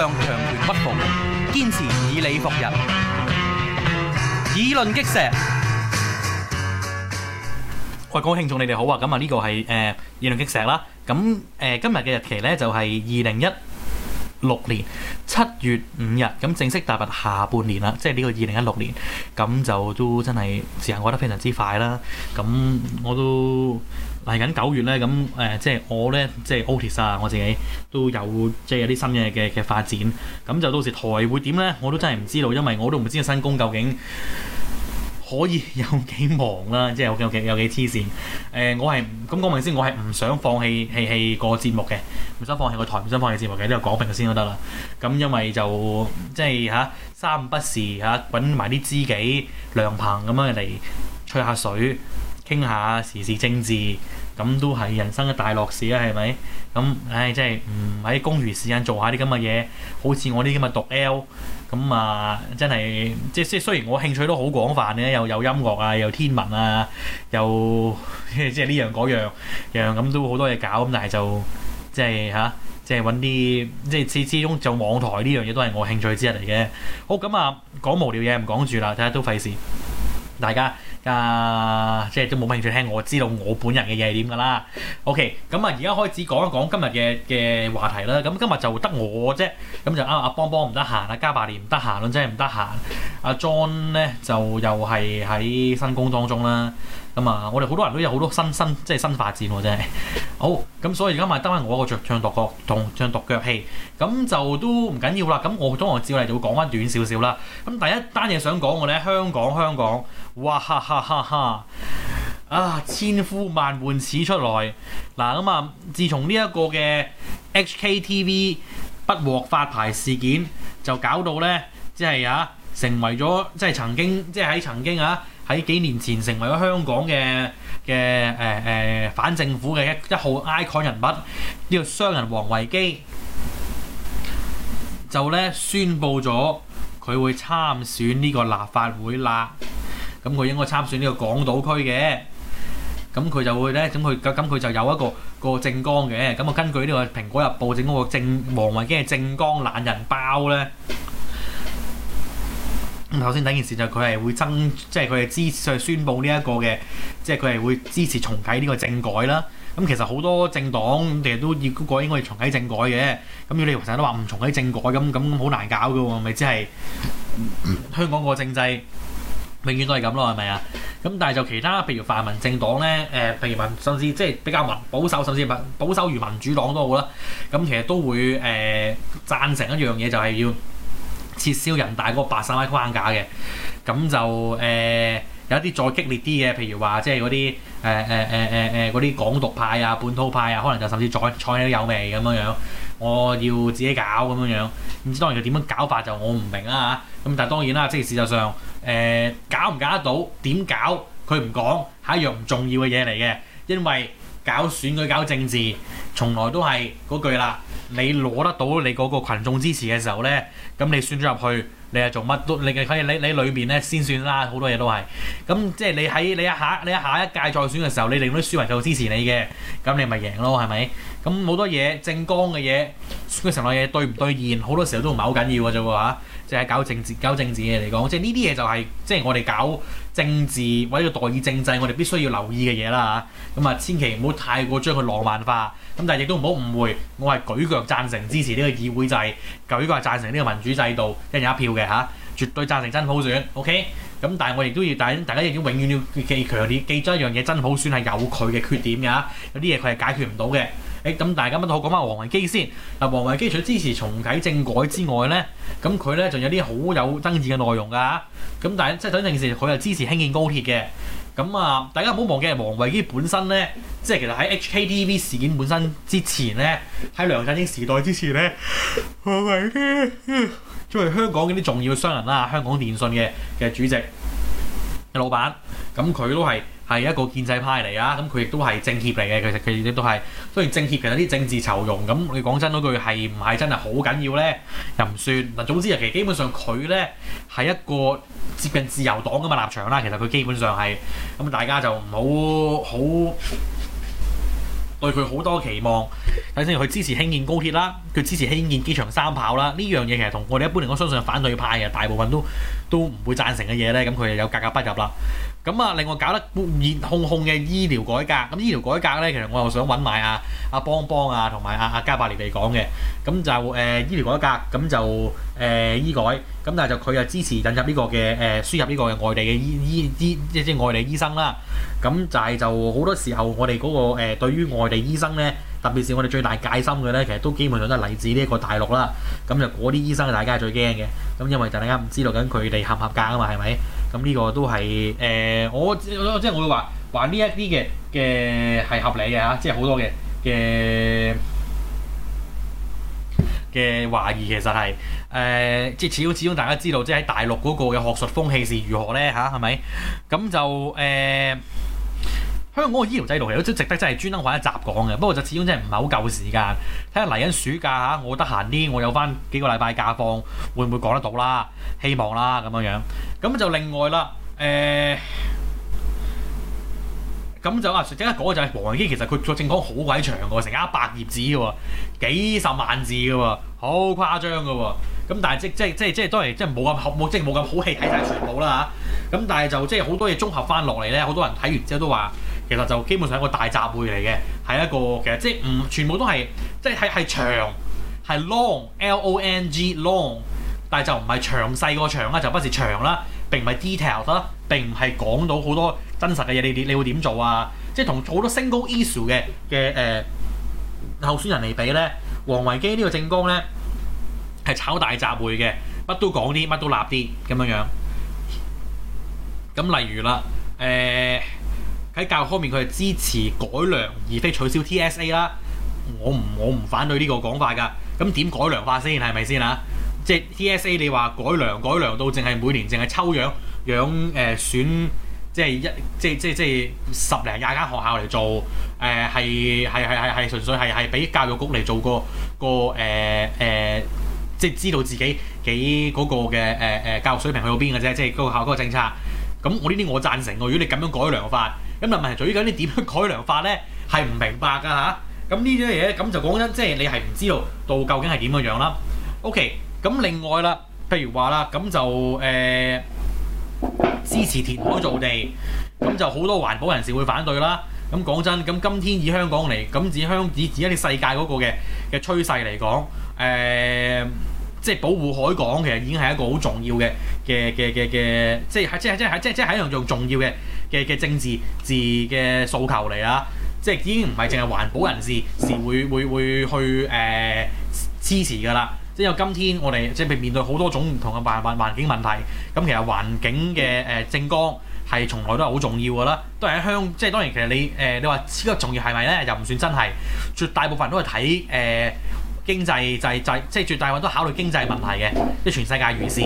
向強權屈服，堅持以理服人。議論擊石。各位觀眾，你哋好啊！咁啊，呢個係誒議論擊石啦。咁誒今日嘅日期咧就係二零一六年七月五日，咁正式踏入下半年啦，即係呢個二零一六年。咁就都真係時間過得非常之快啦。咁我都。嚟緊九月咧，咁誒，即係我咧，即係 Otis 啊，我自己都有即係有啲新嘢嘅嘅發展。咁就到時台會點咧，我都真係唔知道，因為我都唔知新工究竟可以有幾忙啦，即係有幾有幾黐線。誒，我係咁講明先，我係唔想放棄戲戲個節目嘅，唔想放棄個台，唔想放棄節目嘅，呢個講明咗先都得啦。咁因為就即係嚇三不時嚇揾埋啲知己良朋咁樣嚟吹下水。傾下時事政治，咁都係人生嘅大樂事啦，係咪？咁唉，真係唔喺公餘時間做下啲咁嘅嘢，好似我啲咁嘅讀 L，咁啊，真係即係即係雖然我興趣都好廣泛嘅，又有音樂啊，又天文啊，又即係呢樣嗰樣，樣樣咁都好多嘢搞，咁但係就即係吓，即係揾啲即係始終做網台呢樣嘢都係我興趣之一嚟嘅。好，咁啊，講無聊嘢唔講住啦，睇下都費事，大家。啊，即係都冇興趣聽，我知道我本人嘅嘢係點㗎啦。OK，咁啊，而家開始講一講今日嘅嘅話題啦。咁今日就得我啫，咁就啱阿、啊、邦邦唔得閒啊，加百利唔得閒啦，真係唔得閒。阿、嗯啊、John 咧就又係喺新工當中啦。咁啊、嗯！我哋好多人都有好多新新即係新發展喎、哦，真、嗯、係好咁，所以而家咪得翻我個唱唱獨角同唱獨腳戲，咁就都唔緊要啦。咁我當我照例就會講翻短少少啦。咁、嗯、第一單嘢想講我咧，香港香港，哇哈，哈哈哈！啊，千呼萬喚始出來嗱咁啊！自從呢一個嘅 HKTV 不獲發牌事件就搞到咧，即、就、係、是、啊，成為咗即係曾經即係喺曾經啊！喺幾年前成為咗香港嘅嘅誒誒反政府嘅一一號 icon 人物，呢、這個商人王維基就咧宣布咗佢會參選呢個立法會啦。咁佢應該參選呢個港島區嘅，咁佢就會咧，咁佢咁佢就有一個一個政綱嘅。咁啊，根據呢個《蘋果日報》整嗰個政王維基嘅政綱懶人包咧。咁頭、嗯、先第一件事就佢係會增，即係佢係支持去宣佈呢一個嘅，即係佢係會支持重啟呢個政改啦。咁、嗯、其實好多政黨其實都要嗰個應該係重啟政改嘅。咁要你成日都話唔重啟政改，咁咁好難搞嘅喎，咪即係香港個政制永遠都係咁咯，係咪啊？咁、嗯、但係就其他譬如泛民政黨咧，誒、呃、譬如民甚至即係比較民保守，甚至民保守如民主黨都好啦。咁、嗯、其實都會誒、呃、贊成一樣嘢，就係要。撤銷人大嗰個八三一框架嘅，咁就誒、呃、有一啲再激烈啲嘅，譬如話即係嗰啲誒誒誒誒誒啲港獨派啊、本土派啊，可能就甚至再再有味咁樣樣，我要自己搞咁樣樣，唔知當然佢點樣搞法就我唔明啦嚇，咁但係當然啦，即係事實上誒搞唔搞得到，點搞佢唔講係一樣唔重要嘅嘢嚟嘅，因為搞選舉，搞政治。從來都係嗰句啦，你攞得到你嗰個羣眾支持嘅時候咧，咁你選咗入去，你係做乜都你嘅可以你你裏邊咧先算啦，好多嘢都係咁即係你喺你下你下一屆再選嘅時候，你令到啲選民繼續支持你嘅，咁你咪贏咯，係咪？咁好多嘢政綱嘅嘢，佢成個嘢兌唔兌現，好多時候都唔係好緊要㗎啫喎嚇，即係搞政治搞政治嘢嚟講，即係呢啲嘢就係，即係我哋搞。政治或者個代議政制，我哋必須要留意嘅嘢啦嚇，咁啊，千祈唔好太過將佢浪漫化，咁但係亦都唔好誤會，我係舉腳贊成支持呢個議會制，舉腳係贊成呢個民主制度，一人一票嘅嚇、啊，絕對贊成真普選，OK，咁但係我亦都要大，大家亦都永遠要記強烈記咗一樣嘢，真普選係有佢嘅缺點㗎、啊，有啲嘢佢係解決唔到嘅。誒咁，大家乜都好講翻王維基先。嗱，王維基除咗支持重啓政改之外咧，咁佢咧仲有啲好有爭議嘅內容㗎。咁但係即係等陣時，佢又支持興建高鐵嘅。咁啊，大家唔好忘記王維基本身咧，即係其實喺 HKTV 事件本身之前咧，喺梁振英時代之前咧，王維基作為香港嗰啲重要商人啦，香港電信嘅嘅主席嘅老闆，咁佢都係，係一個建制派嚟啊，咁佢亦都係政協嚟嘅。其實佢亦都係，雖然政協其實啲政治酬庸咁，你講真嗰句係唔係真係好緊要呢？又唔算嗱。總之，其實基本上佢呢係一個接近自由黨嘅立場啦。其實佢基本上係咁，大家就唔好好對佢好多期望。首先，佢支持興建高鐵啦，佢支持興建機場三跑啦。呢樣嘢其實同我哋一般嚟講，相信反對派嘅大部分都都唔會贊成嘅嘢呢。咁佢就有格格不入啦。咁啊，另外搞得熱烘烘嘅醫療改革，咁醫療改革咧，其實我又想揾埋阿阿邦邦啊，同埋阿阿加百列嚟講嘅，咁就誒、呃、醫療改革，咁就誒、呃、醫改，咁但係就佢又支持引入呢個嘅誒、呃、輸入呢個嘅外地嘅醫醫醫，即係外地醫生啦。咁就係就好多時候我、那個，我哋嗰個誒對於外地醫生咧，特別係我哋最大戒心嘅咧，其實都基本上都係嚟自呢一個大陸啦。咁就嗰啲醫生，大家係最驚嘅，咁因為就大家唔知道緊佢哋合唔合格啊嘛，係咪？咁呢個都係誒、呃，我我即係會話話呢一啲嘅嘅係合理嘅吓、啊，即係好多嘅嘅嘅懷疑其實係誒、呃，即係始終始終大家知道，即係喺大陸嗰個嘅學術風氣是如何咧吓？係、啊、咪？咁就誒。呃香港嘅醫療制度其實都值得真係專登揾一集講嘅。不過就始終真係唔係好夠時間。睇下嚟緊暑假嚇，我得閒啲，我有翻幾個禮拜假放，會唔會講得到啦？希望啦咁樣樣。咁就另外啦，誒、欸，咁就話，即刻講就係王維基，其實佢個政綱好鬼長嘅，成一百頁紙嘅喎，幾十萬字嘅喎，好誇張嘅喎。咁但係即即即即都係即係冇咁即係冇咁好戲睇晒全部啦嚇。咁但係就即係好多嘢綜合翻落嚟咧，好多人睇完之後都話。其實就基本上係一個大集會嚟嘅，係一個嘅，即係唔全部都係，即係係係長係 long，l o n g long，但係就唔係詳細個長啦，就不是長啦，並唔係 detail 啦，並唔係講到好多真實嘅嘢，你你會點做啊？即係同好多 single issue 嘅嘅誒候選人嚟比咧，王維基呢個政綱咧係炒大集會嘅，乜都講啲，乜都立啲咁樣樣。咁例如啦，誒、呃。.喺教育方面，佢係支持改良，而非取消 T S A 啦。我唔我唔反對呢個講法㗎。咁點改良法先係咪先啊？即係 T S A，你話改良改良到淨係每年淨係抽樣樣誒選，即係一即係即係即係十零廿間學校嚟做誒，係係係係係純粹係係俾教育局嚟做個個誒誒、呃呃，即係知道自己幾嗰個嘅誒誒教育水平去到邊嘅啫。即係嗰個校嗰個政策咁，我呢啲我贊成。如果你咁樣改良法。咁啊問題在於究竟點樣改良法呢？係唔明白㗎吓。咁呢啲嘢咁就講真，即、就、係、是、你係唔知道到究竟係點嘅樣啦。OK，咁另外啦，譬如話啦，咁就誒、欸、支持填海造地，咁就好多環保人士會反對啦。咁、嗯、講真，咁今天以香港嚟，咁以香以而家啲世界嗰個嘅嘅趨勢嚟講，誒、欸、即係保護海港其實已經係一個好重要嘅嘅嘅嘅嘅，即係即係即係即係即係一樣仲重要嘅。嘅嘅政治治嘅訴求嚟啦，即係已經唔係淨係環保人士是會會會去誒、呃、支持㗎啦。即係因今天我哋即係面對好多種唔同嘅環環環境問題，咁其實環境嘅誒政綱係從來都係好重要㗎啦，都係喺香即係當然其實你誒、呃、你話超級重要係咪咧？又唔算真係，絕大部分都係睇誒經濟就係即係絕大部分都考慮經濟問題嘅，即係全世界如是。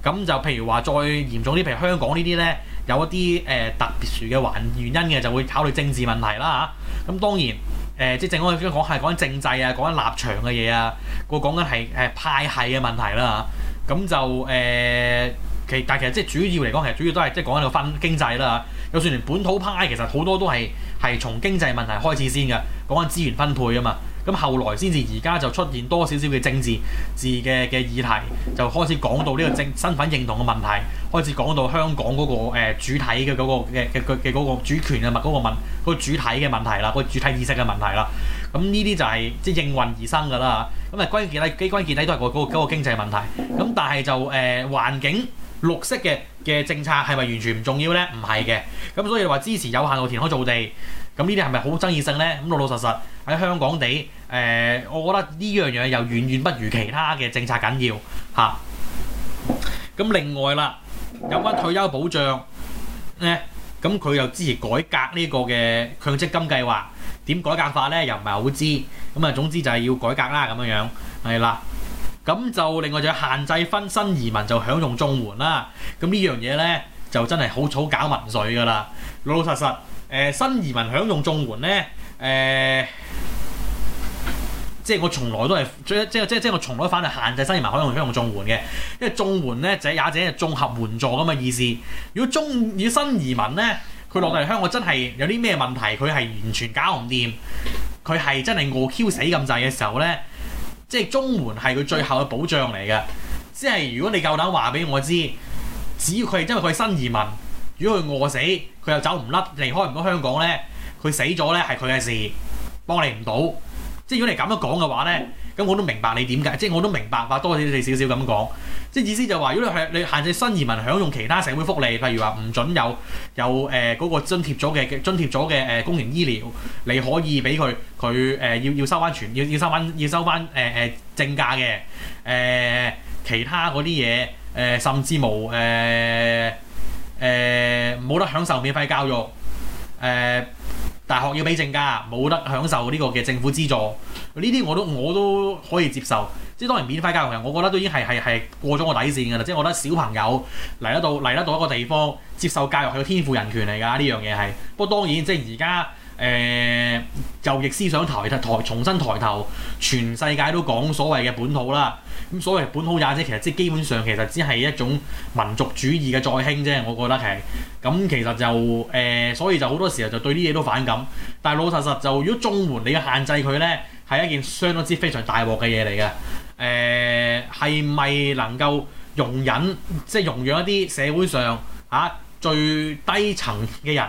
咁就譬如話再嚴重啲，譬如香港呢啲咧。有一啲誒、呃、特別殊嘅環原因嘅，就會考慮政治問題啦嚇。咁、啊啊、當然誒、呃，即係正我哋先講係講緊政制啊，講緊立場嘅嘢啊，個講緊係誒派系嘅問題啦咁、啊、就誒、呃，其但其實即係主要嚟講，其實主要，主要都係即係講緊個分經濟啦嚇。就、啊、算連本土派，其實好多都係係從經濟問題開始先嘅，講緊資源分配啊嘛。咁後來先至而家就出現多少少嘅政治字嘅嘅議題，就開始講到呢個政身份認同嘅問題，開始講到香港嗰、嗰個呃嗰個個,嗰個、個主體嘅嗰嘅嘅嘅嘅主權啊，或嗰個問嗰個主體嘅問題啦，嗰個主體意識嘅問題啦。咁呢啲就係即係應運而生㗎啦。咁啊關鍵底基關鍵底都係、嗰個嗰、嗰個嗰、嗰個經濟問題。咁但係就誒、呃、環境綠色嘅嘅政策係咪完全唔重要咧？唔係嘅。咁所以話支持有限度填海造地。咁呢啲係咪好爭議性呢？咁老老實實喺香港地，誒、呃，我覺得呢樣嘢又遠遠不如其他嘅政策緊要吓。咁、啊、另外啦，有關退休保障咧，咁、啊、佢又支持改革呢個嘅強積金計劃，點改革法呢？又唔係好知。咁啊，總之就係要改革啦，咁樣樣係啦。咁就另外就限制分新移民就享用綜援啦。咁呢樣嘢呢，就真係好草搞民粹㗎啦，老老實實。誒、呃、新移民享用綜援咧，誒、呃、即係我從來都係，即即即我從來反對限制新移民可以享用綜援嘅，因為綜援咧就係也者綜合援助咁嘅意思。如果中如果新移民咧，佢落嚟香港真係有啲咩問題，佢係完全搞唔掂，佢係真係餓飢死咁滯嘅時候咧，即係綜援係佢最後嘅保障嚟嘅。即係如果你夠膽話俾我知，只要佢係因為佢係新移民。如果佢餓死，佢又走唔甩，離開唔到香港咧，佢死咗咧係佢嘅事，幫你唔到。即係如果你咁樣講嘅話咧，咁我都明白你點解，即係我都明白，話多小小咁講，即係意思就話，如果你係你限制新移民享用其他社會福利，譬如話唔準有有誒嗰、呃嗰個津貼咗嘅津貼咗嘅誒公營醫療，你可以俾佢佢誒要要收翻全，要要收翻要收翻誒誒正價嘅誒、呃、其他嗰啲嘢，誒、呃、甚至冇。誒、呃。誒冇、呃、得享受免費教育，誒、呃、大學要俾證噶，冇得享受呢個嘅政府資助，呢啲我都我都可以接受，即係當然免費教育人，我覺得都已經係係係過咗個底線㗎啦，即係我覺得小朋友嚟得到嚟得到一個地方接受教育係個天賦人權嚟㗎呢樣嘢係，不過當然即係而家誒就業思想抬抬重新抬頭，全世界都講所謂嘅本土啦。咁所謂本土也者，其實即係基本上其實只係一種民族主義嘅再興啫。我覺得係咁，其實就誒、呃，所以就好多時候就對啲嘢都反感。但係老實實就如果綜援你嘅限制佢咧，係一件相當之非常大鑊嘅嘢嚟嘅。誒係咪能夠容忍即係、就是、容讓一啲社會上吓、啊、最低層嘅人，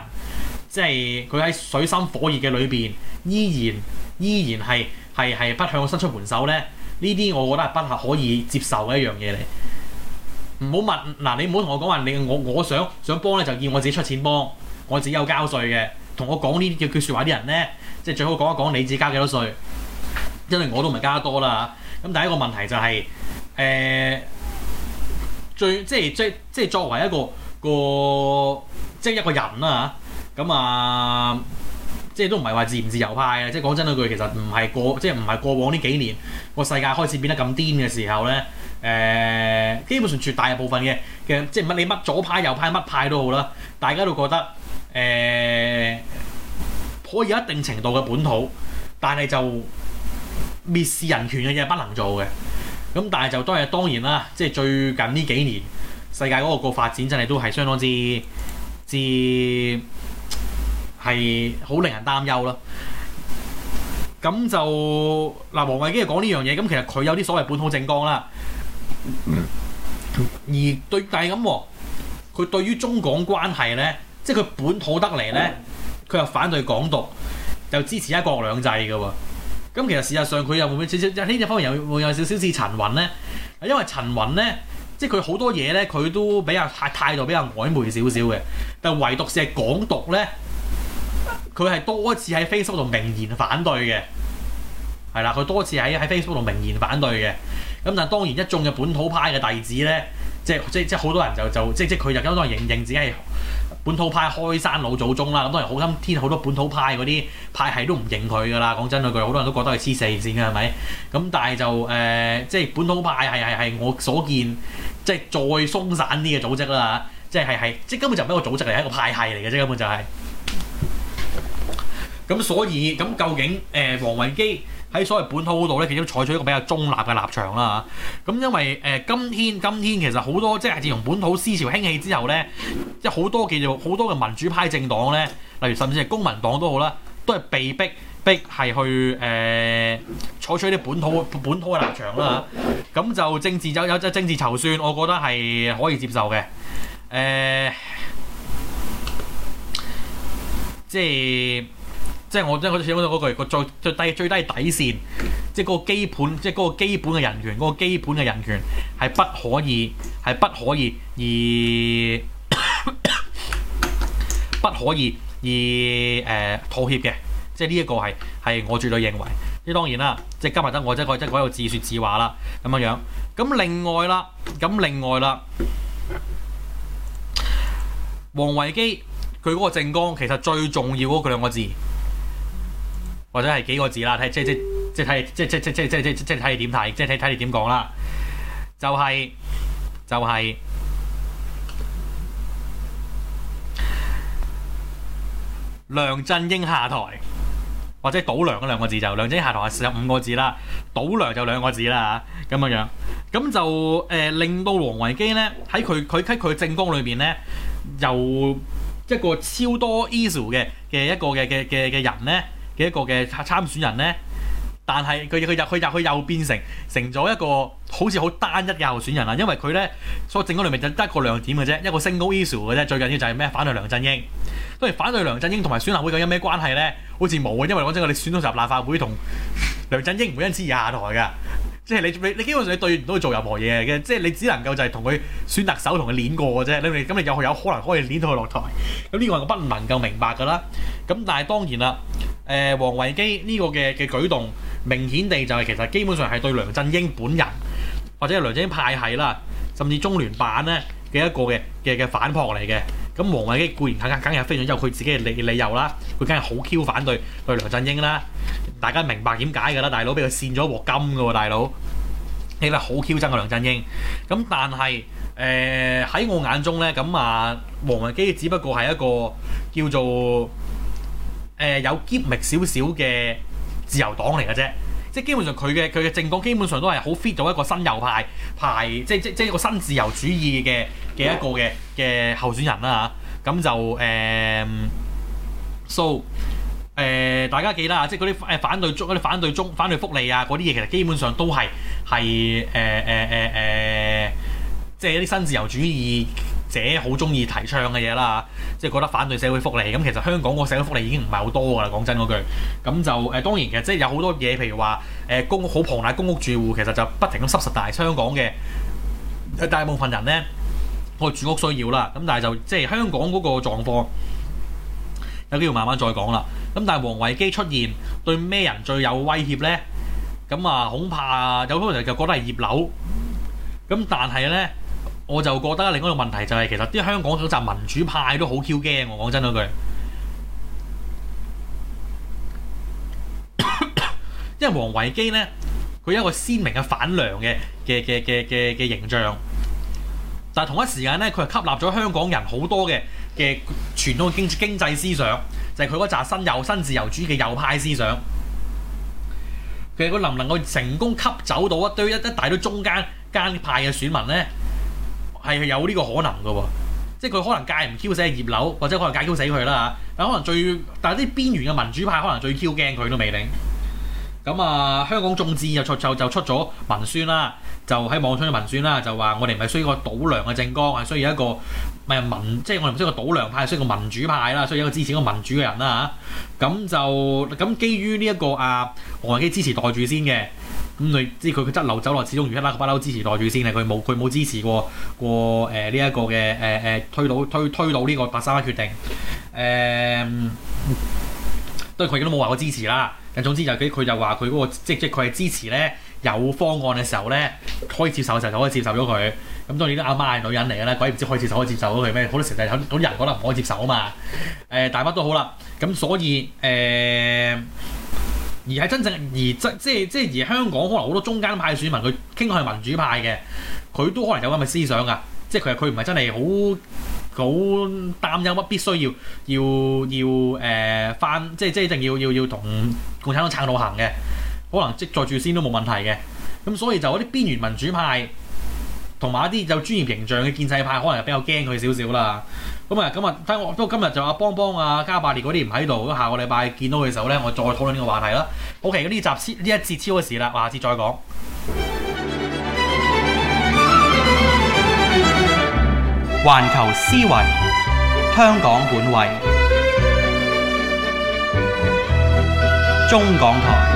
即係佢喺水深火熱嘅裏邊，依然依然係係係不向伸出援手咧？呢啲我覺得係不下可以接受嘅一樣嘢嚟，唔好問嗱，你唔好同我講話你我我想想幫咧，就要我自己出錢幫，我自己有交稅嘅，同我講呢啲叫句說話啲人咧，即係最好講一講你自己交幾多稅，因為我都唔係交得多啦。咁第一個問題就係、是、誒、欸、最即係即即係作為一個個即係一個人啦咁啊。即係都唔係話自唔自由派啊！即係講真嗰句，其實唔係過即係唔係過往呢幾年個世界開始變得咁癲嘅時候咧，誒、呃、基本上絕大部分嘅嘅即係乜你乜左派右派乜派都好啦，大家都覺得誒、呃、可以有一定程度嘅本土，但係就蔑視人權嘅嘢不能做嘅。咁但係就都係當然啦，即係最近呢幾年世界嗰個個發展真係都係相當之之。係好令人擔憂咯。咁就嗱，王維基又講呢樣嘢，咁其實佢有啲所謂本土政綱啦。嗯、而對，但係咁喎，佢對於中港關係咧，即係佢本土得嚟咧，佢又反對港獨，又支持一國兩制嘅喎、啊。咁其實事實上佢又會唔會少少呢一方面又會有少少似陳雲咧？因為陳雲咧，即係佢好多嘢咧，佢都比較態度比較曖昧少少嘅，但唯獨是係港獨咧。佢係多次喺 Facebook 度明言反對嘅，係啦，佢多次喺喺 Facebook 度明言反對嘅。咁但係當然一眾嘅本土派嘅弟子咧，即係即係即係好多人就就即係即係佢就咁多人認認自己係本土派開山老祖宗啦。咁當然好心添，好多本土派嗰啲派系都唔認佢㗎啦。講真嗰句，好多人都覺得佢黐四線嘅係咪？咁但係就誒、呃，即係本土派係係係我所見即係再鬆散啲嘅組織啦。即係係係即係根本就唔係一個組織嚟，係一個派系嚟嘅啫，根本就係、是。咁所以咁究竟誒王維基喺所謂本土嗰度咧，其實都採取一個比較中立嘅立場啦。咁因為誒、呃、今天今天其實好多即係自從本土思潮興起之後咧，即係好多叫做好多嘅民主派政黨咧，例如甚至係公民黨都好啦，都係被逼逼係去誒、呃、採取啲本土本土嘅立場啦，咁就政治有有即係政治籌算，我覺得係可以接受嘅誒、呃，即係。即係我即係好似講到嗰句個最最低最低底線，即係嗰個，個基本，即係嗰個基本嘅人權，嗰個基本嘅人權係不可以係不可以而 不可以而誒妥協嘅。即係呢一個係係我絕對認為。即係當然啦，即係今日得我即係我即係喺度自説自話啦，咁樣樣。咁另外啦，咁另外啦，王維基佢嗰個政綱其實最重要嗰兩個字。或者係幾個字啦，睇即即即睇，即即即即即即即睇你點睇，即睇睇你點講啦。就係、係、就係、係就係、梁振英下台或者倒梁嗰兩個字，就梁振英下台係有五個字啦，倒梁就兩個字啦嚇，咁樣樣，咁就誒、呃、令到王維基咧喺佢佢喺佢政綱裏邊咧，又一個超多 issue 嘅嘅一個嘅嘅嘅嘅人咧。嘅一個嘅參選人呢，但係佢佢入去、入去又變成成咗一個好似好單一嘅候選人啦，因為佢呢所整嗰裏面就得一個亮點嘅啫，一個 single issue 嘅啫，最緊要就係咩？反對梁振英。當然反對梁振英同埋選立會有咩關係呢？好似冇嘅，因為講真，我哋選咗入立法會同梁振英唔會因此而下台㗎。即係你你基本上你對唔到佢做任何嘢嘅，即係你只能夠就係同佢選特首同佢攣過嘅啫。你咁你有有可能可以攣到佢落台？咁呢個係我不能夠明白㗎啦。咁但係當然啦，誒、呃、王維基呢個嘅嘅舉動，明顯地就係其實基本上係對梁振英本人或者係梁振英派系啦，甚至中聯辦咧嘅一個嘅嘅嘅反撲嚟嘅。咁王維基固然梗梗梗有非常有佢自己嘅理理由啦，佢梗係好 Q 反對對梁振英啦，大家明白點解㗎啦？大佬俾佢扇咗一鑊金㗎喎，大佬，你咪好 Q 憎阿梁振英。咁但係誒喺我眼中咧，咁啊王維基只不過係一個叫做誒有 gimmick 少少嘅自由黨嚟嘅啫。即係基本上佢嘅佢嘅政綱基本上都係好 fit 到一個新右派派，即係即係一個新自由主義嘅嘅一個嘅嘅候選人啦、啊、咁就誒、呃，so 誒、呃、大家記得，嚇，即係嗰啲反反對中啲反對中反對福利啊嗰啲嘢，其實基本上都係係誒誒誒誒，即係一啲新自由主義。寫好鍾意提倡嘅嘢啦，即係覺得反對社會福利，咁其實香港個社會福利已經唔係好多噶啦。講真嗰句，咁就誒當然其實即係有好多嘢，譬如話誒公屋好龐大，公屋住戶其實就不停咁濕濕大香港嘅，大部分人呢，我住屋需要啦，咁但係就即係香港嗰個狀況，有機會慢慢再講啦。咁但係王維基出現對咩人最有威脅呢？咁啊恐怕有部分人就覺得係葉劉，咁但係呢。我就覺得另一個問題就係、是、其實啲香港嗰紮民主派都好 Q 驚。我講真嗰句， 因為王維基呢，佢有一個鮮明嘅反梁嘅嘅嘅嘅嘅嘅形象，但同一時間呢，佢係吸納咗香港人好多嘅嘅傳統經經濟思想，就係佢嗰扎新右新自由主義嘅右派思想。其實佢能唔能夠成功吸走到一堆一一大堆中間間派嘅選民呢？係有呢個可能嘅喎，即係佢可能介唔 Q 死葉劉，或者可能介 Q 死佢啦嚇。但可能最，但係啲邊緣嘅民主派可能最 Q 驚佢都未定。咁啊，香港眾志就就就出咗文宣啦，就喺網上嘅文宣啦，就話我哋唔係需要一個倒梁嘅政綱，係需要一個咩民，即係我唔需要一個倒梁派，需要一個民主派啦，需要一個支持一個民主嘅人啦嚇。咁就咁基於呢一個啊，王維基支持袋住先嘅。咁你知佢佢質流走落，始終如一拉個不嬲支持代住先嘅，佢冇佢冇支持過過誒呢一個嘅誒誒推倒推推倒呢個831決定誒，都係佢都冇話過支持啦。但總之就佢就話佢嗰個即即佢係支持咧有方案嘅時候咧可以接受嘅時候就可以接受咗佢。咁當然啲阿媽係女人嚟嘅啦，鬼唔知可以接受可以接受到佢咩？好多時候有好多人都唔可以接受啊嘛。誒、呃，但乜都好啦，咁所以誒。呃而喺真正而即即即而香港可能好多中間派選民，佢傾向民主派嘅，佢都可能有咁嘅思想㗎，即係佢佢唔係真係好好擔憂乜必須要要要誒翻、呃，即即一定要要要同共產黨撐到行嘅，可能即在住先都冇問題嘅，咁所以就嗰啲邊緣民主派。同埋一啲有專業形象嘅建制派，可能又比較驚佢少少啦。咁啊，咁啊，不過都今日就阿邦邦、阿加百列嗰啲唔喺度。咁下個禮拜見到佢時候咧，我再討論呢個話題啦。OK 呢集呢一節超咗時啦，下次再講。環球思維，香港本位，中港台。